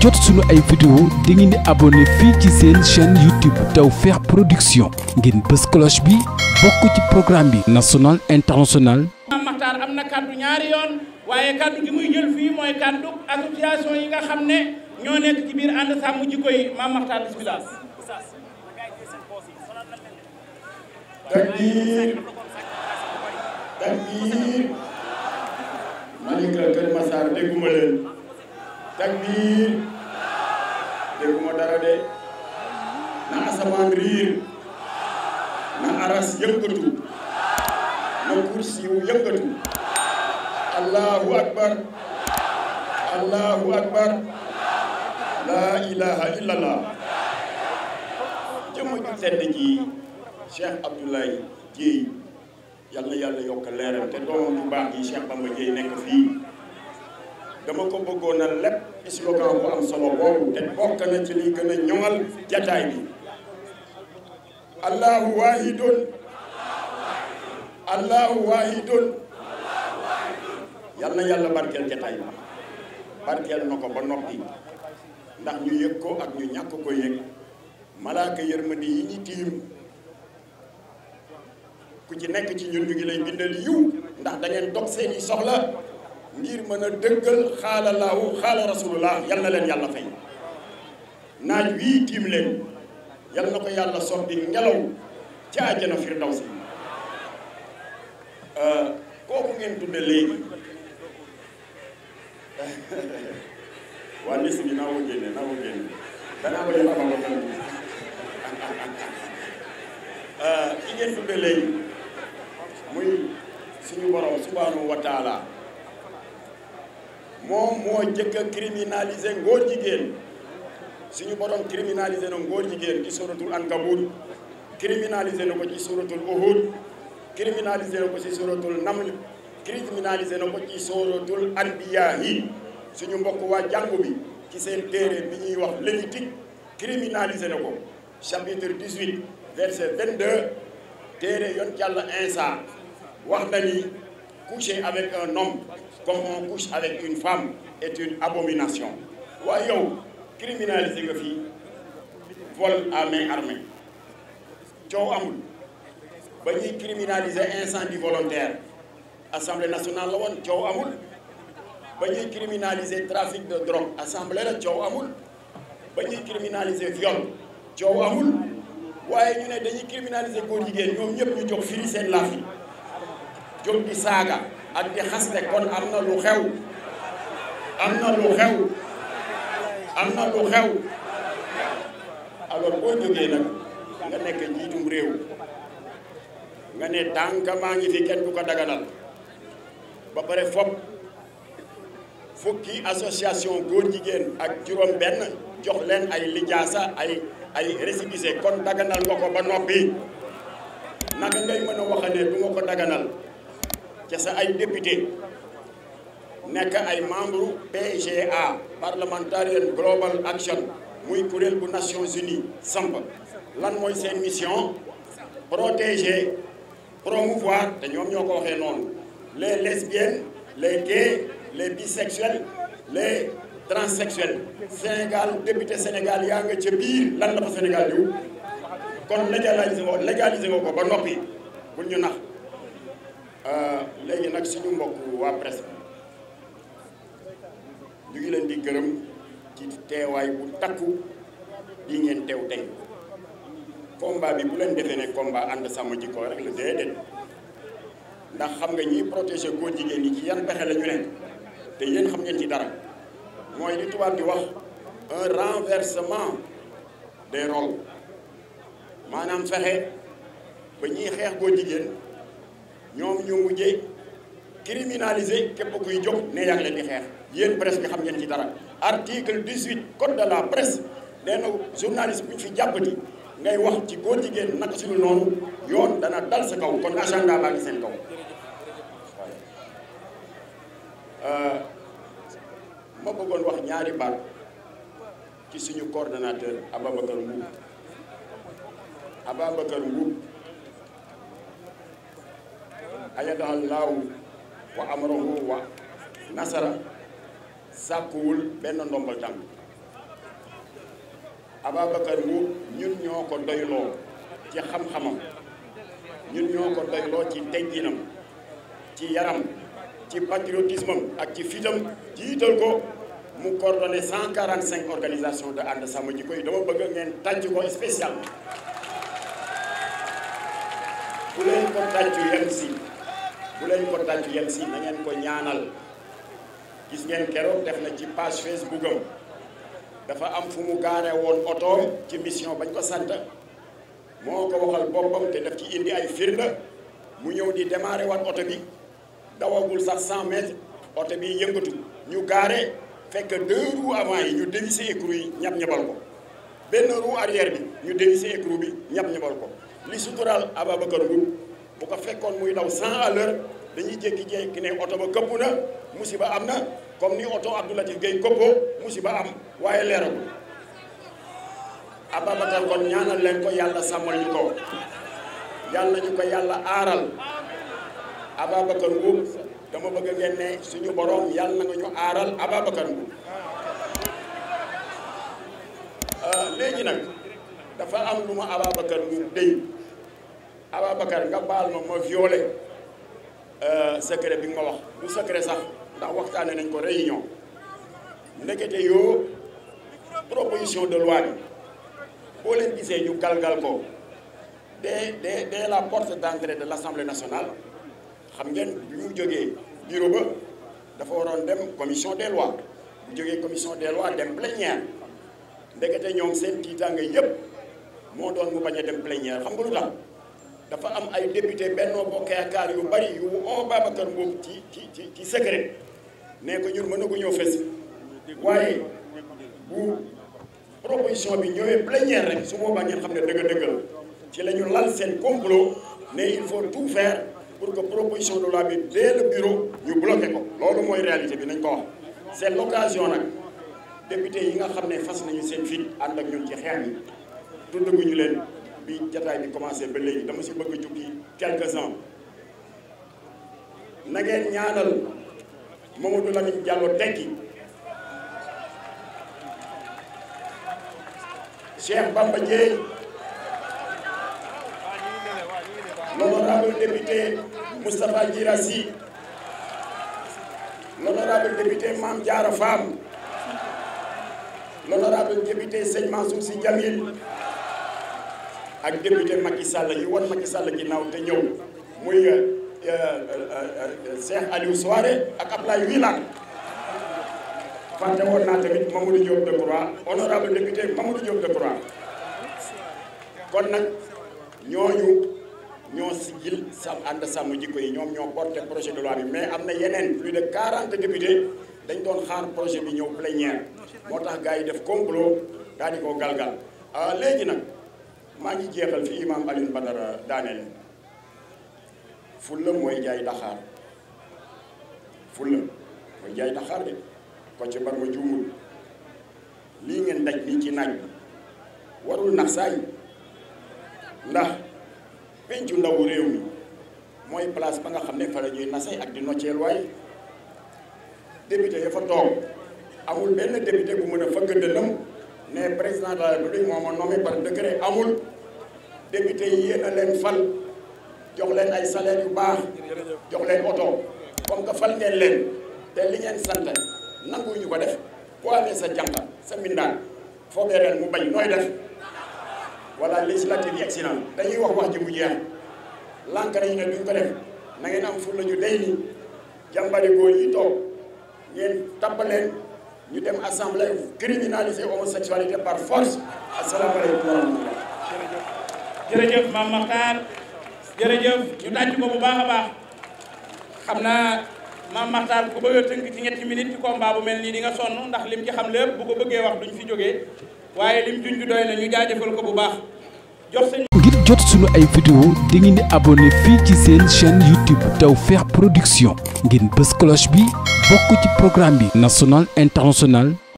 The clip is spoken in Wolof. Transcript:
jot suñu ay vidéo da ngeen di abonné fii ci seen chaîne YouTube Tawfekh Production ngeen bës cloche bi bokk ci programme bi national international Mame am na kàddu ñaari yoon waaye kàddu gi muy jël fii mooy kàddu association yi nga xam ne ñoo nekk ci biir ànd sàmm jikko yi Mame Makhtar dégguma dara de na asamaan riir na aras yëngatu na kursiw yëngatu allahu akbar allahu akbar laa ilaha illallah jëmm ju tedd ji Cheikh Abdoulaye Dièye yal yàlla yokk leeram te doomam bu baax yi Cheikh Bamba Dièye nekk fii dama ko bëggoon a leb slogan bu am solo boobu te bokk na ci li gën a ñoŋal jataay bi allahu wahidun allahu wahidun yal yàlla barkeel jataay bi barkeel na ko ba noppi ndax ñu yëg ko ak ñu ñàkk ko yëg malaaka yërmande yi ñu ku ci nekk ci ñun ñu ngi lay bindal yiw ndax da ngeen dog seeni soxla ngir mën a dëggal xaala laahu yal na leen yàlla fay naaj wii tiim leen yal na ko yàlla soppi ngelaw ci àjjana firdawsi euh, kooku ngeen tudde léegi waa liste bi naa ko génne naa ko génne danaa ko jox amako tan ki ngeen tudde léegi muy suñu borom subhanahu wa moom moo njëkk a criminaliser ngóor jigéen suñu borom criminaliser na ngóor jigéen ci suratul ankabut criminaliser na ko ci suratul uhud criminaliser na ko ci suratul naml criminaliser na ko ci suratul anbiya yi suñu mbokk waa jàngu bi ci seen téere bi ñuy wax Lévitique criminaliser na ko chapitre 18 verset 22 téere yoon ci yàlla wax na ni coucher avec un homme comme on couche avec une femme est abomination waaye yow criminaliser nga fii vol à main armée coow amul ba ñuy criminaliser incendie volontaire assemblée nationale la woon coow amul ba ñuy criminaliser trafic de drogue assemblée la coow amul ba ñuy criminaliser viol coow amul waaye ñu ne dañuy criminaliser góor jigéen ñoom ñëpp ñu jox firi seen laaf yi jóg di saaga ak di xaste kon am na lu xew am na lu xew am na lu xew alors boo jógee nag nga nekk njiitum réew nga ne tànk maa ngi fi kenn du ko daganal ba pare fopp fukki association góor jigéen ak juróom benn jox leen ay lijaasa ay ay récépissé kon daganal nga ko ba noppi naka ngay mën a wax du nga ko daganal ca sa ay député nekk ay membre PGA Parliamentarian Global Action muy kuréel bu Nations Unies samp lan mooy seen mission protéger promouvoir te ñoom ñoo ko waxee noonu les lesbiennes les gays les bisexuels les transsexuels Sénégal député Sénégal yaa nga ca biir lan la fa Sénégal diw kon légaliser nga légaliser nga ko ba noppi buñ ñu nax Euh, léegi nag suñu mbokk waa presse bi ñu leen di gërëm ci teewaay bu takku di ngeen teew tey combat bi bu leen defee ne combat ànd sàmm jikko rek la déedéet ndax xam nga ñiy protéger góor jigéen ñi ci yan pexe la ñu nekk te yéen xam ngeen ci dara mooy li tubaab di wax un renversement des rôles maanaam fexe ba ñiy xeex góor jigéen. ñoom ñu mujjee criminaliser képp kuy jóg ne yaa ngi leen di xeex yéen presse bi xam ngeen ci dara article 18 code de la presse nee na journaliste bu ñu fi jàppati ngay wax ci góor jigéen naka suñu noonu yoon dana dal sa kaw kon agenda baa ngi seen kaw euh, ma bëggoon wax ñaari baal ci suñu coordonnateur Ababacar Mbour Ababacar Mbour ayadaha laahu wa amrahu wa nasara sàkkuwul benn ndombal tànk Ababacar Mbuub ñun ñoo ko doyloo ci xam-xamam ñun ñoo ko doyloo ci tegginam ci yaram ci patriotisme ak ci fitam jiital ko mu coordonné 145 organisations de ànd sàmm ji koy dama bëgg ngeen tàcc ko spécialement bu leen ko tàccu yem si bu leen ko dal yéen si na ngeen ko ñaanal gis ngeen keroog def na ci page Facebook am dafa am fu mu gaare woon otoom ci mission bañ ko sant moo ko waxal boppam te def ci indi ay firnde mu ñëw di démarrer waat oto bi dawagul sax 100 mètres oto bi yëngatu ñu gaare fekk deux roues avant yi ñu dévissé écrou yi ñab ñabal ko benn roue arrière bi ñu dévissé écrou bi ñab ñabal ko li suturaal Ababacar Mboup bu ko fekkoon muy daw 100 à l'heure dañuy jékki-jékki ne oto ba këpp na musiba am na comme ni oto Abdou Latif Gueye këppoo musiba am waaye leeragul Ababacar kon ñaanal leen ko yàlla sàmmal ñu ko yàlla ko yàlla aaral Ababacar Ngom dama bëgg ngeen ne suñu borom yàlla na nga ñu aaral Ababacar Ngom euh, léegi nag dafa am lu ma Ababacar Ngom déy Ababacar nga baal ma ma violé euh, secret bi nga ma wax du secret sax ndax waxtaane nañ ko réunion ndekete yoo proposition de loi boo leen gisee ñu galgal ko dès dès dès la porte d'entrée de l'Assemblée nationale xam ngeen bi mu jógee bureau ba dafa waroon dem commission des lois bu jógee commission des lois dem plénière ndekete ñoom seen tiitaanga yëpp moo doon mu bañ a dem plénière xam nga lu tax dafa am ay député Benno Bokk Yaakaar yu bari yu on Babacar Mbow ci ci ci ci ne ko ñun mën na ko ñëw fes waaye bu proposition bi ñëwee plénière rek su boobaa ngeen xam ne dëgg-dëggal ci la ñu lal seen complot ne il faut tout faire pour que proposition de loi bi dès le bureau ñu bloqué ko loolu mooy réalité bi nañ ko seen c'est l'occasion nag député yi nga xam ne fas nañu seen fit ànd ak ñun ci xeex yi tuddaguñu leen bi jataay bi commencé ba léegi dama si bëgg jukki quelques-uns na ngeen ñaanal Mamadou Lamine Diallo tekki Cheikh Bamba Dièye l'honorable député Moustapha Guirassi l'honorable député Mame Diarra Fam l'honorable député Seigne Mansour Sy Djamil ak député Macky Sall yi wan Macky Sall ginnaaw te ñëw muy euh, euh, euh, Cheikh Aliou Souaré ak Abdoulaye Wilane fàtte woon naa tamit Mamadou Diop Decroix honorable député Mamadou Diop Decroix kon nag ñooñu ñoo sigil sam ànd sàmm jikko yi ñoom ñoo porté projet de loi bi mais am na yeneen plus de 40 dañ doon xaar projet bi ñëw plénière moo tax gars yi def complot daal di ko galgal léegi nag maa ngi jeexal fi imam Alioune Badara daaneel fulla mooy jaay daxaar fulla mooy jaay daxaar de ko ci bar lii ngeen daj nii ci naaj warul nax saay ndax pencu ndaw réew mi mooy place ba nga xam ne fa la ñuy nasee ak di nocceel waaye député ya fa toog amul benn député bu mën a fëgg dënnam ne président de la république moo ma nommé par amul député yi yéen a leen fal jox leen ay salaire yu baax jox leen oto comme que fal ngeen leen te li ngeen sant nangu ñu ko def boo amee sa jànq sa mbindaan foo mu bañ nooy def wala législative yi accident dañuy wax wax ji mu jeex lànk ñu ne duñ ko def na ngeen am ful la ñu day ni jàmbari góor yi toog ngeen tappaleen ñu dem assemblée criminaliser homosexualité par force asalaamaaleykum wa rahmatulah jërëjëf Mame jërëjëf ñu tàcc ko bu baax a xam naa Mame ku bëgg tënk ci ñetti minutes ci combat bu mel nii di nga sonn ndax lim ci xam lépp bu ko bëggee wax duñ fi jógee waaye lim juñ ju doy na ñu jaajëfal ko bu baax jox seen ngir jot suñu ay vidéo di ngeen di fii ci seen chaîne YouTube Tawfekh Production ngeen bës cloche bi bokk ci programme bi national international